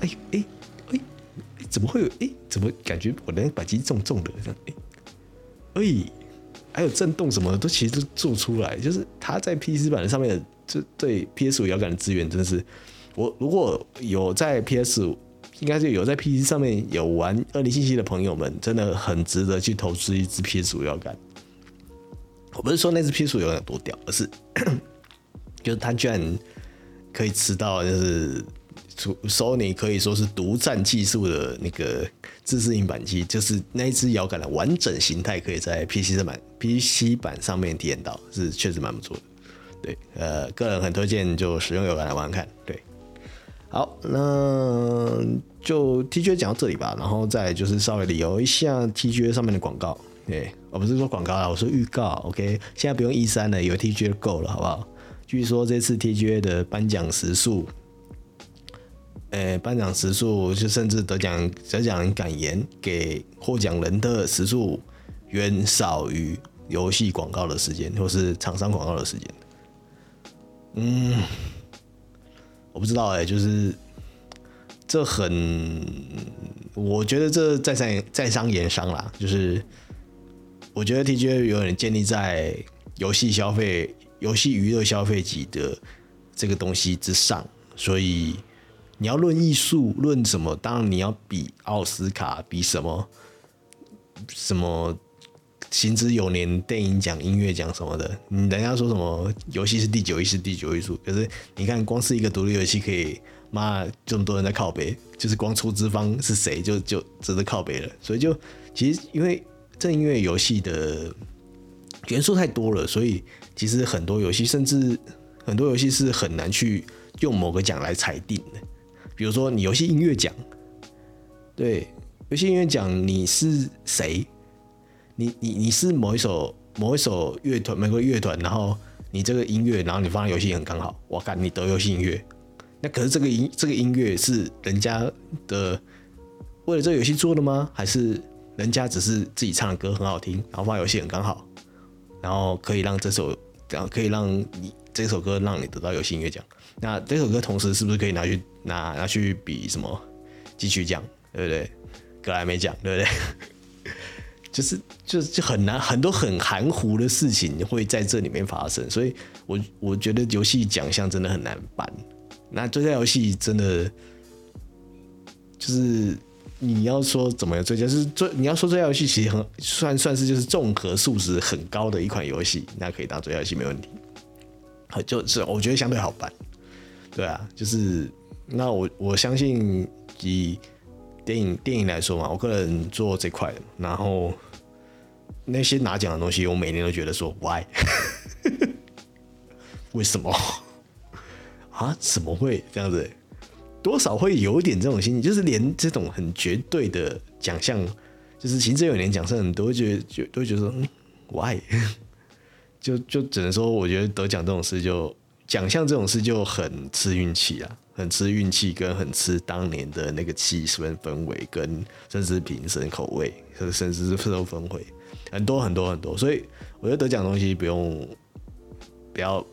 哎哎哎，怎麼會有？哎、欸，怎麼感覺我的扳機重重的這樣？哎、欸欸，還有震動什麼的都其實都做出來，就是他在 PC 版的上面的這對 PS 五搖桿的資源真的是，我如果有在 PS 五，應該是有在 PC 上面有玩二零七七的朋友們，真的很值得去投資一支 PS 五搖桿。我不是說那隻 PS5 有多屌，而是 就是它居然可以吃到，就是索尼可以說是獨占技術的那個自適應扳機，就是那一只搖桿的完整形態，可以在 PC 版 PC 版上面體驗到，是確實蠻不錯的。對，呃，個人很推薦就使用搖桿來玩玩看。對，好，那就 TGA 講到這裡吧，然後再就是稍微旅遊一下 TGA 上面的廣告。對，我不是說廣告啦，我說預告。OK，現在不用 E3 了，有 TGA 夠了，好不好？據說這次 TGA 的頒獎時數，誒、欸，頒獎時數就甚至得獎得獎人感言給獲獎人的時數遠少於遊戲廣告的時間或是廠商廣告的時間。嗯，我不知道誒、欸，就是這很，我覺得這在商在商言商啦，就是。嗯我覺得 TGA 有點建立在遊戲消費、遊戲娛樂消費級的這個東西之上，所以你要論藝術、論什麼，當然你要比奧斯卡、比什麼什麼行之有年電影獎、音樂獎什麼的。你人家說什麼遊戲是第九藝術，是第九藝術，可是你看，光是一個獨立遊戲可以，媽這麼多人在靠北，就是光出資方是誰就就值得靠北了。所以就其實因為。正因為遊戲的元素太多了，所以其實很多遊戲甚至很多遊戲是很難去用某個獎來裁定的。比如說，你遊戲音樂獎，對遊戲音樂獎，你是誰？你你你是某一首某一首樂團某個樂團，然後你這個音樂，然後你放遊戲也很剛好，我看你得遊戲音樂。那可是這個音這個音樂是人家的為了這個遊戲做的嗎？還是？人家只是自己唱的歌很好聽，然後玩遊戲很剛好，然後可以讓這首，然後可以讓你這首歌讓你得到遊戲音樂獎。那這首歌同時是不是可以拿去拿拿去比什麼金曲獎，對不對？格萊美獎，對不對？ 就是就就是、很難，很多很含糊的事情會在這裡面發生。所以我我覺得遊戲獎項真的很難辦。那這些遊戲真的就是。你要說怎麼樣最佳、就是最，你要說最佳遊戲其實很算算是就是綜合素質很高的一款遊戲，那可以當最佳遊戲沒問題。就是我覺得相對好辦。對啊，就是那我我相信以電影電影來說嘛，我個人做這塊，然後那些拿獎的東西，我每年都覺得說 why？ 為什麼啊？怎麼會這樣子？多少會有點這種心情，就是連這種很絕對的獎項，就是行之有年獎項很多，覺得都覺得說，Why，就就只能說，我覺得得獎這種事就，就獎項這種事就很吃運氣啊，很吃運氣，跟很吃當年的那個氣氛氛圍，跟甚至評審口味，甚至是氛圍，很多很多很多，所以我覺得得獎的東西不用不要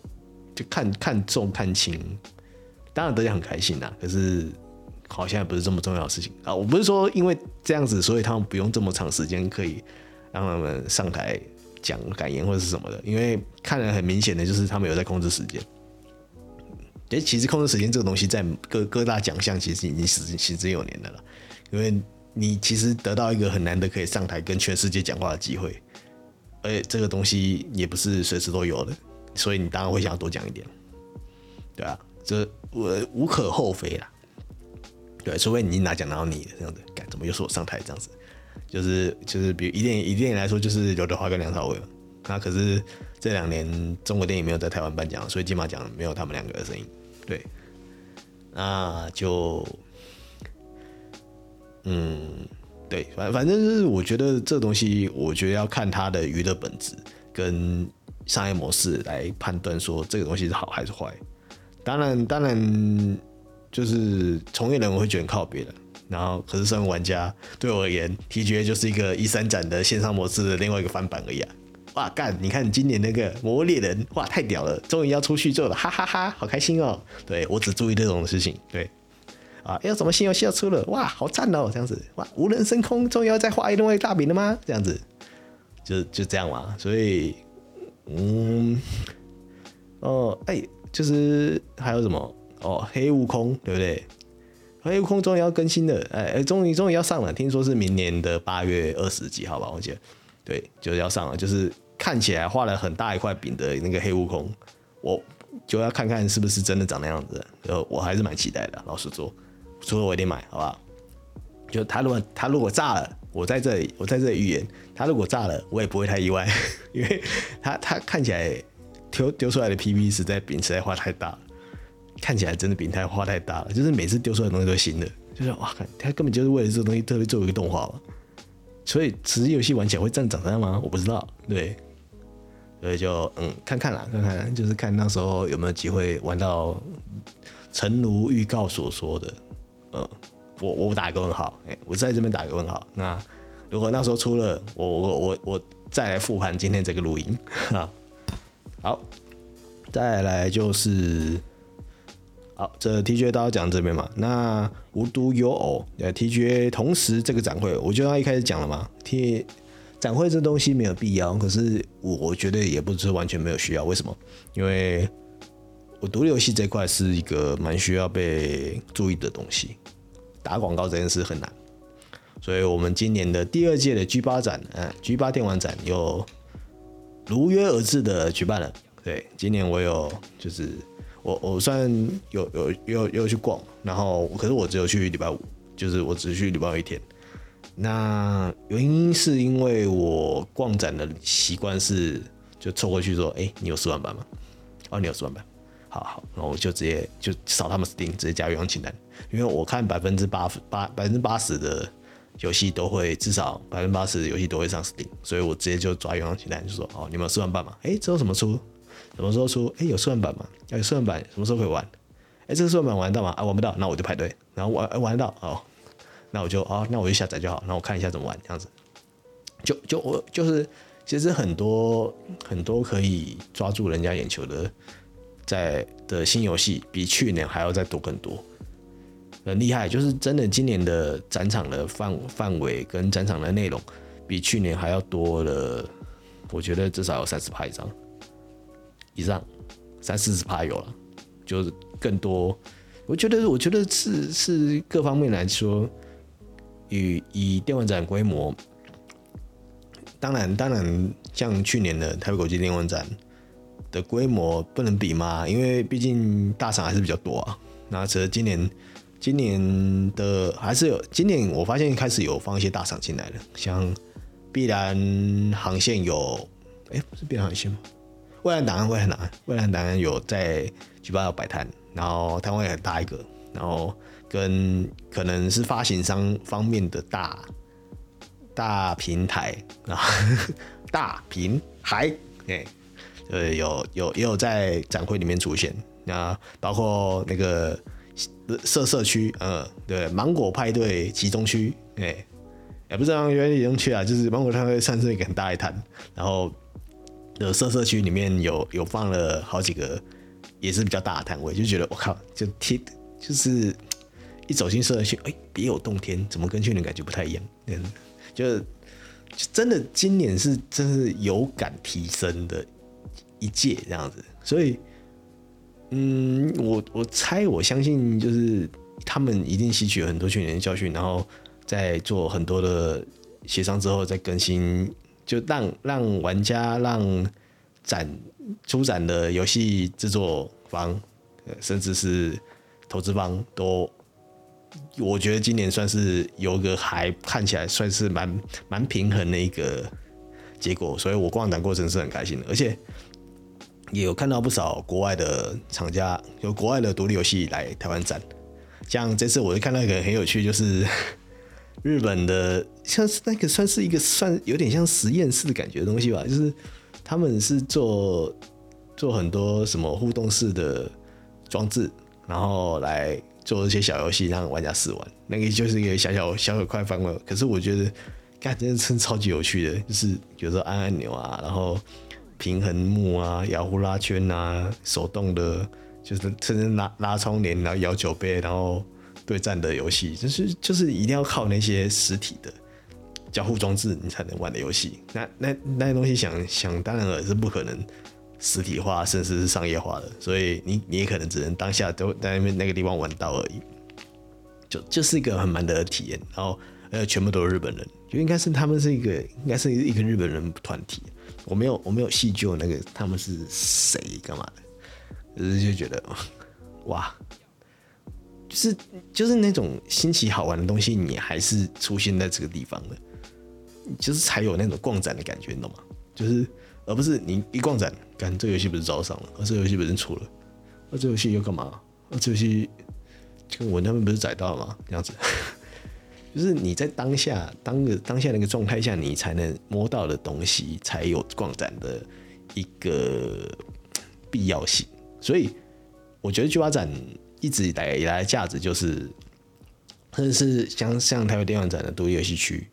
就看看重看輕。當然大家很開心啦。可是好像也不是這麼重要的事情啊。我不是說因為這樣子，所以他們不用這麼長時間可以讓他們上台講感言或者是什麼的。因為看來很明顯的，就是他們有在控制時間。其實控制時間這個東西在各各大獎項其實已經是形之有年的了啦。因為你其實得到一個很難得可以上台跟全世界講話的機會，而且這個東西也不是隨時都有的，所以你當然會想要多講一點，對啊。這我、呃、無可厚非啦，對，除非你拿獎，然後你這樣子，怎麼又是我上台這樣子？就是就是，比如一定一定來說，就是劉德華跟梁朝偉嘛。那可是這兩年中國電影沒有在台灣頒獎，所以金馬獎沒有他們兩個的聲音。對，那就嗯，對，反反正就是我覺得這東西，我覺得要看他的娛樂本質跟商業模式來判斷，說這個東西是好還是壞。當然，當然，就是從業人我會捲靠別人，然後可是身為玩家對我而言，TGA 就是一個一三展的線上模式的另外一個翻版而已啊！哇幹，你看今年那個魔物獵人哇太屌了，終於要出續作了，哈，哈哈哈，好開心哦、喔！對我只注意這種事情，對啊，有、欸、什麼新遊戲要出了哇，好讚哦、喔，這樣子哇，無人升空終於要再畫另外一個大餅了嗎？這樣子就就這樣嘛，所以嗯哦哎。就是還有什麼哦，黑悟空對不對？黑悟空終於要更新了，哎哎，終於終於要上了，聽說是明年的八月二十幾號吧，我記得，對，就是要上了。就是看起來畫了很大一塊餅的那個黑悟空，我就要看看是不是真的長那樣子。然後我還是蠻期待的，老實說，除了我得買，好吧？就他如果他如果炸了，我在這裡我在這裡預言，他如果炸了，我也不會太意外，因為他他看起來。丟丟出來的 PV 實在餅實在畫太大看起來真的餅太畫太大了，就是每次丟出來的東西都是新的，就是哇，他根本就是為了這個東西特別做一個動畫嘛。所以，實際遊戲玩起來會站長這樣嗎？我不知道。對，所以就嗯，看看啦，看看啦，就是看那時候有沒有機會玩到誠如預告所說的。嗯，我我打一個問號，哎、欸，我在這邊打一個問號。那如果那時候出了，我我我我再來復盤今天這個錄音哈。好，再來就是好，這個、TGA 到講這邊嘛。那無獨有偶，呃、啊、，TGA 同時這個展會，我就剛一開始講了嘛。T 展會這東西沒有必要，可是我覺得也不是完全沒有需要。為什麼？因為我獨立遊戲這塊是一個蠻需要被注意的東西。打廣告這件事很難，所以我們今年的第二屆的 G 八展，呃、啊、，G 八電玩展有如約而至的舉辦了。對，今年我有就是我我算有有又又去逛，然後可是我只有去禮拜五，就是我只去禮拜五一天。那原因是因為我逛展的習慣是就湊過去說，哎、欸，你有四萬八嗎？哦、啊，你有四萬八，好好，然後我就直接就掃他們 Steam 直接加入邀請單，因為我看百分之八八百,百分之八十的。遊戲都會至少百分之八十的遊戲都會上 Steam，所以我直接就抓原芳兄來就說：“哦，你們有試玩版嗎？誒、欸，這有什麼出？什麼時候出？誒、欸，有試玩版嗎？要、啊、有試玩版，什麼時候可以玩？誒、欸，這個試玩版玩得到嗎？啊，玩不到，那我就排隊。然後玩，欸、玩得到哦，那我就啊、哦，那我就下載就好。那我看一下怎麼玩，這樣子。就就我就是，其實很多很多可以抓住人家眼球的，在的新遊戲，比去年還要再多更多。”很厲害，就是真的。今年的展場的範範圍跟展場的內容，比去年還要多了。我覺得至少有三十趴以上，以上，三四十趴有了，就是更多。我覺得，我覺得是是各方面來說，以以電玩展規模，當然當然，像去年的台北國際電玩展的規模不能比嘛，因為畢竟大廠還是比較多啊。那這今年。今年的還是有，今年我發現開始有放一些大廠進來了，像碧藍航線有，哎、欸,不是碧藍航線嗎？蔚藍檔案，蔚藍檔案，蔚藍檔案有在 G8 有擺攤，然後攤位很大一個，然後跟可能是發行商方面的大大平台啊，大平台，哎，呃，有有也有在展會裡面出現，那包括那個。色社區，嗯，對，芒果派對集中區，哎、欸，也不知道原點集中區啊，就是芒果派對上升一個很大一攤，然後的色社區裡面有有放了好幾個也是比較大的攤位，就覺得我、哦、靠，就踢就是一走進社區，哎、欸，別有洞天，怎麼跟去年感覺不太一樣？嗯，就是真的今年是真是有感提升的一屆這樣子，所以。嗯，我我猜，我相信，就是他們一定吸取了很多去年的教訓，然後在做很多的協商之後，再更新，就讓讓玩家、讓展出展的遊戲制作方，甚至是投資方都，我覺得今年算是有一個還看起來算是蠻蠻平衡的一個結果，所以我逛展過程是很開心的，而且。也有看到不少國外的廠家，有國外的獨立遊戲來台灣展。像這次，我就看到一個很有趣，就是日本的，像是那個算是一個算有點像實驗室的感覺的東西吧，就是他們是做做很多什麼互動式的裝置，然後來做一些小遊戲讓玩家試玩。那個就是一個小小小小塊範圍。可是我覺得，看真的真超級有趣的，就是有時候按按鈕啊，然後。平衡木啊，搖呼啦圈啊，手動的，就是甚至拉拉窗簾，然後搖酒杯，然後對戰的遊戲，就是就是一定要靠那些實體的交互裝置你才能玩的遊戲。那那那些東西想想，當然了是不可能實體化，甚至是商業化的，所以你你也可能只能當下都在那邊那個地方玩到而已。就就是一個很難得的體驗，然後而且全部都是日本人，就應該是他們是一個應該是一個日本人團體啊。我沒有，我沒有細究那個他們是誰幹嘛的，只是就覺得哇，就是就是那種新奇好玩的東西，你還是出現在這個地方的，就是才有那種逛展的感覺，你懂嗎？就是而不是你一逛展，感覺這個遊戲不是招商了，而這個遊戲不是出了，而這遊戲又幹嘛？而這遊戲就我那邊不是窄道嗎？這樣子。就是你在當下、當個當下那個狀態下，你才能摸到的東西，才有逛展的一個必要性。所以，我覺得巨蛙展一直以來，以來的價值就是，甚至是像像台北電玩展的獨立遊戲區，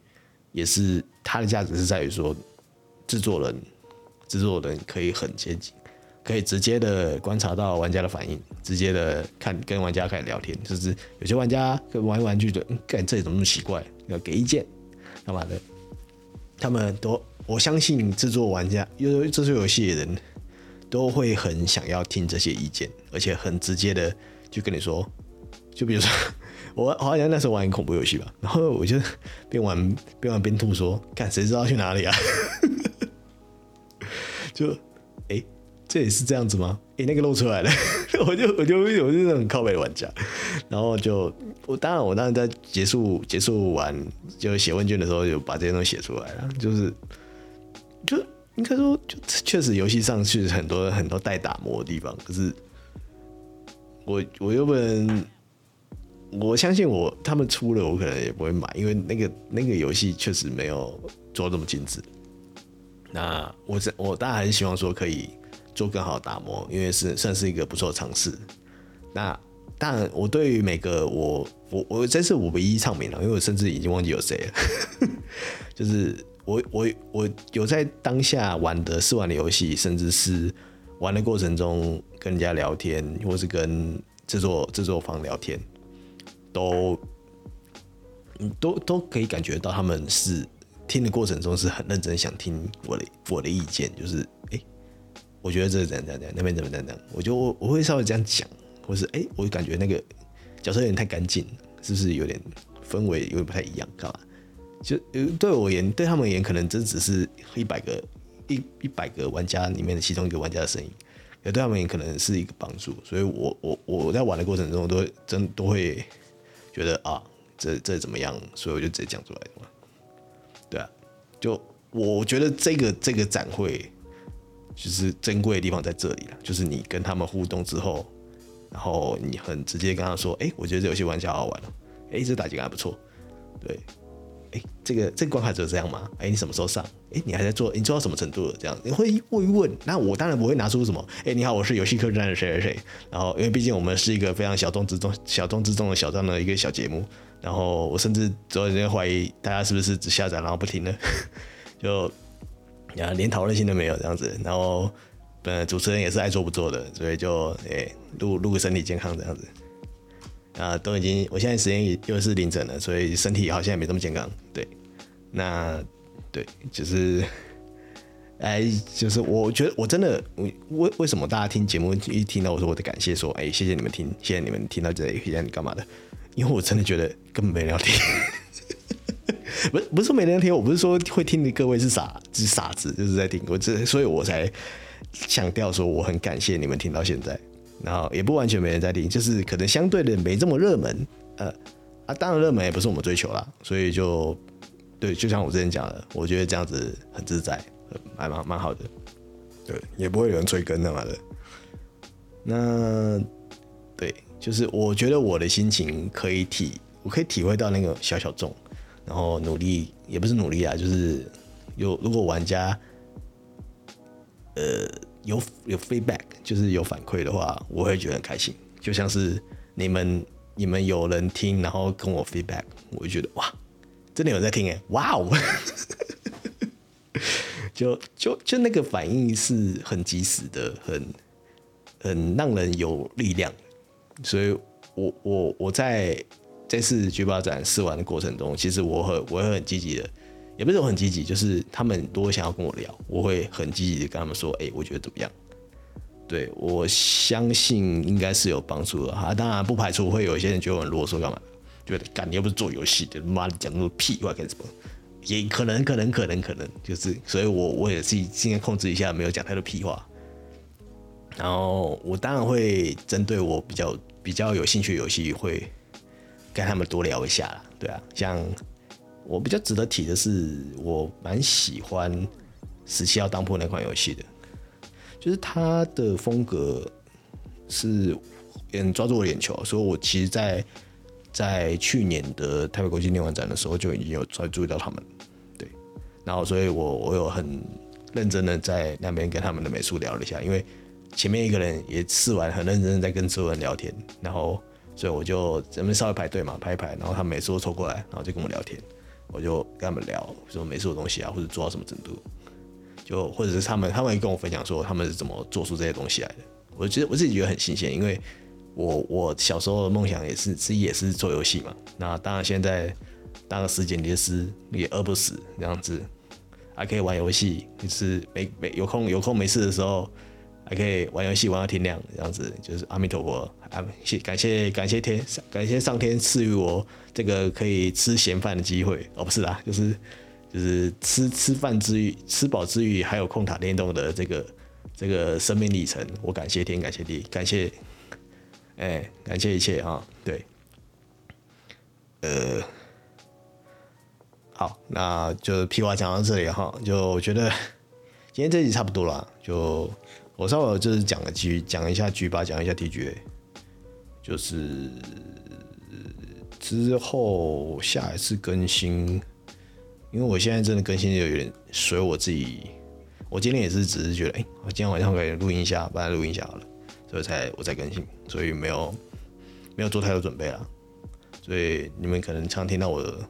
也是它的價值是在於說，制作人，制作人可以很接近。可以直接的觀察到玩家的反應，直接的看跟玩家開始聊天，就是有些玩家玩一玩就覺得，幹、嗯、這裡怎麼那麼奇怪？要給意見，幹嘛的？他們都，我相信制作玩家，因為制作遊戲的人都會很想要聽這些意見，而且很直接的就跟你說。就比如說我好像那時候玩恐怖遊戲吧，然後我就邊玩邊玩邊吐說，看誰知道去哪裡啊？ 就。這也是這樣子嗎？誒、欸，那個露出來了， 我就我就我是那種靠北玩家，然後就我當然我當時在結束結束完就寫問卷的時候，就把這些東西寫出來了。就是，就應該說，就確實遊戲上是很多很多待打磨的地方。可是我，我我又不能，我相信我他們出了，我可能也不會買，因為那個那個遊戲確實沒有做這麼精緻。那我我當然還是希望說可以，做更好的打磨，因為是算是一個不錯的嘗試。那，但我對於每個我我我，這是我唯一唱名了，因為我甚至已經忘記有誰了。 就是我我我有在當下玩的試玩的遊戲，甚至是玩的過程中跟人家聊天，或是跟製作製作方聊天，都，都都可以感覺到他們是聽的過程中是很認真想聽我的我的意見，就是哎。欸我覺得這是怎樣怎樣，那邊怎麼怎樣？我就我我會稍微這樣講，或是哎、欸，我感覺那個角色有點太乾淨，是不是有點氛圍有點不太一樣？幹嘛？就對我而言，對他們而言，可能這只是一百個一一百個玩家裡面的其中一個玩家的聲音，也對他們也可能是一個幫助。所以我，我我我在玩的過程中我都，都真都會覺得啊，這這怎麼樣？所以我就直接講出來，對啊，就我覺得這個這個展會。就是珍貴的地方在這裡了，就是你跟他們互動之後，然後你很直接跟他說：“哎、欸，我覺得這遊戲玩起來好，好玩了、喔，哎、欸，這打擊感還不錯，對，哎、欸，這個這個觀看者這樣嗎？哎、欸，你什麼時候上？哎、欸，你還在做？你做到什麼程度了？這樣你、欸、會問一問。那我當然不會拿出什麼。哎、欸，你好，我是遊戲客棧的誰誰誰。然後，因為畢竟我們是一個非常小眾之中小眾之中的小眾的一個小節目。然後我甚至昨天懷疑大家是不是只下載然後不聽了， 就。啊，連討論性都沒有這樣子，然後，呃，主持人也是愛做不做的，所以就誒，錄錄個身體健康這樣子，啊，都已經，我現在時間也又是凌晨了，所以身體好像也沒這麼健康，對，那，對，就是，哎，就是我覺得我真的，我為為什麼大家聽節目一聽到我說我的感謝，說哎謝謝你們聽，謝謝你們聽到這裡，謝謝你幹嘛的？因為我真的覺得根本沒聊天。 不是不是說沒人聽，我不是說會聽的各位是傻是傻子，就是在聽我，這所以我才強調說我很感謝你們聽到現在，然後也不完全沒人在聽，就是可能相對的沒這麼熱門，呃、啊、當然熱門也不是我們追求啦，所以就對，就像我之前講的，我覺得這樣子很自在，嗯、還蠻蠻好的，對，也不會有人催更的嘛的，那對，就是我覺得我的心情可以體，我可以體會到那個小小眾。然後努力也不是努力啊，就是有如果玩家呃，有有 feedback，就是有反饋的話，我會覺得很開心。就像是你們你們有人聽，然後跟我 feedback，我就覺得哇，真的有人在聽欸，哇哦， 就就就那個反應是很及時的，很很讓人有力量，所以我我我在。這次舉辦展試玩的過程中，其實我很我很積極的，也不是我很積極，就是他們如果想要跟我聊，我會很積極的跟他們說，哎、欸，我覺得怎麼樣？對，我相信應該是有幫助的哈、啊。當然不排除會有一些人覺得我很囉嗦幹嘛，覺得幹，你又不是做遊戲，就媽的講那麼多屁話幹什麼？也可能可能可能可能，就是所以我，我我也自己儘量控制一下，沒有講太多屁話。然後我當然會針對我比較比較有興趣的遊戲會跟他們多聊一下，對啊，像我比較值得提的是，我蠻喜歡十七號當鋪那款遊戲的，就是它的風格是嗯抓住我眼球，所以我其實在在去年的台北國際電玩展的時候，就已經有在注意到他們，對，然後所以我我有很認真的在那邊跟他們的美術聊了一下，因為前面一個人也試完，很認真的在跟周文聊天，然後。所以我就前面稍微排隊嘛，排一排，然後他每次都湊過來，然後就跟我聊天，我就跟他們聊說美術的東西啊，或者做到什麼程度，就或者是他們，他們也跟我分享說他們是怎麼做出這些東西來的。我覺得我自己覺得很新鮮，因為我我小時候的夢想也是是也是做遊戲嘛。那當然現在當個剪輯師也餓不死這樣子，還、啊、可以玩遊戲，就是沒沒有空有空沒事的時候。還可以玩遊戲玩到天亮，這樣子就是阿彌陀佛、喔，感感謝感謝天，感謝上天賜予我這個可以吃閒飯的機會哦，不是啦，就是就是吃吃飯之餘吃飽之餘，還有空打電動的這個這個生命歷程，我感謝天，感謝地，感謝哎、欸，感謝一切啊，對，呃，好，那就屁話講到這裡哈，就覺得今天這集差不多了，就。我稍微就是講個 G，講一下 G8 吧，講一下 TGA 就是之後下一次更新，因為我現在真的更新就有點隨我自己，我今天也是只是覺得，哎、欸，我今天晚上我可以錄音一下，把它錄音一下好了，所以我才我再更新，所以沒有沒有做太多準備了，所以你們可能常常聽到我的。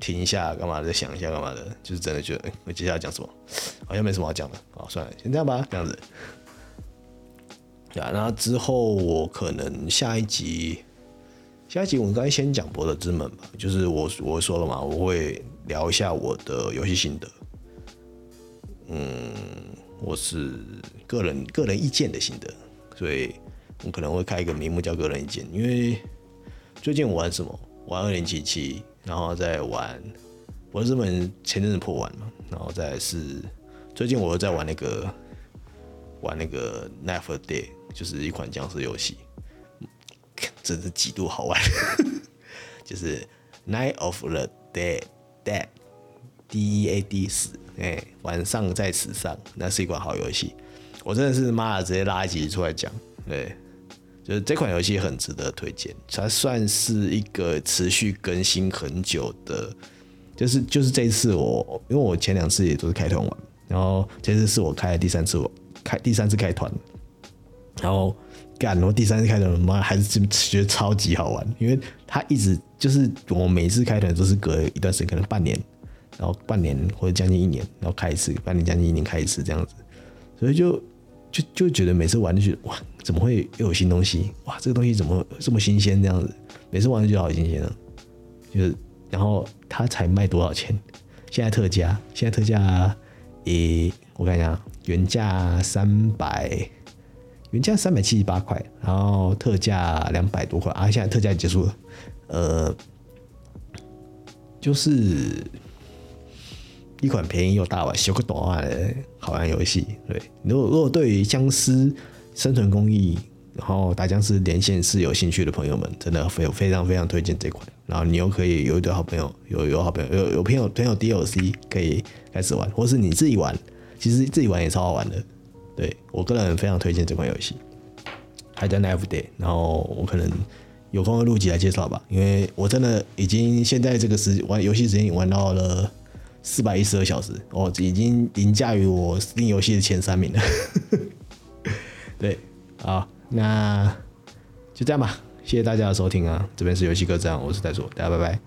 聽一下，幹嘛再想一下，幹嘛的？就是真的覺得，欸、我接下來要講什麼，好像沒什麼好講的。好，算了，先這樣吧。這樣子。啊，那之後我可能下一集，下一集我們剛才先講《博德之門》吧。就是我我說了嘛，我會聊一下我的遊戲心得。嗯，我是個人個人意見的心得，所以我可能會開一個名目叫“個人意見”，因為最近我玩什麼？玩二零七七。然後再玩，我日本前陣子破完嘛，然後再是最近我又在玩那個，玩那個 Night of the Dead，就是一款殭屍遊戲，真是極度好玩， 就是 Night of the Dead Dead, Dead D E A D 死，哎、欸，晚上在此上，那是一款好遊戲，我真的是媽的，直接拉一集出來講，對。就這款遊戲很值得推薦，它算是一個持續更新很久的。就是就是這一次我，因為我前兩次也都是開團玩，然後這次是我開的第三次，我開第三次開團，然後幹，然後第三次開團，媽還是覺得超級好玩，因為它一直就是我每次開團都是隔一段時間，可能半年，然後半年或者將近一年，然後開一次，半年將近一年開一次這樣子，所以就就就覺得每次玩就覺得哇。怎麼會又有新東西？哇，這個東西怎麼這麼新鮮？這樣子，每次玩就好新鮮了、啊。就是，然後它才賣多少錢？現在特價，現在特價，誒、欸，我看一下，原價三百，原價三百七十八塊，然後特價兩百多塊啊！現在特價結束了。呃，就是一款便宜又大碗、修個短碗的好玩遊戲。對，如果如果對於殭屍。生存工藝，然後打僵屍連線是有興趣的朋友們，真的非非常非常推薦這款。然後你又可以有一堆好朋友，有有好朋友，有有朋友朋友 DLC 可以開始玩，或是你自己玩，其實自己玩也超好玩的。對，我個人非常推薦這款遊戲《h 在 d d o n f e Day》。然後我可能有空會錄集來介紹吧，因為我真的已經現在這個時玩遊戲時間已經玩到了四百一十二小時，哦，已經凌駕於我 Steam 遊戲的前三名了。 對，好，那就這樣吧，謝謝大家的收聽啊，這邊是遊戲客棧，我是戴卓，大家拜拜。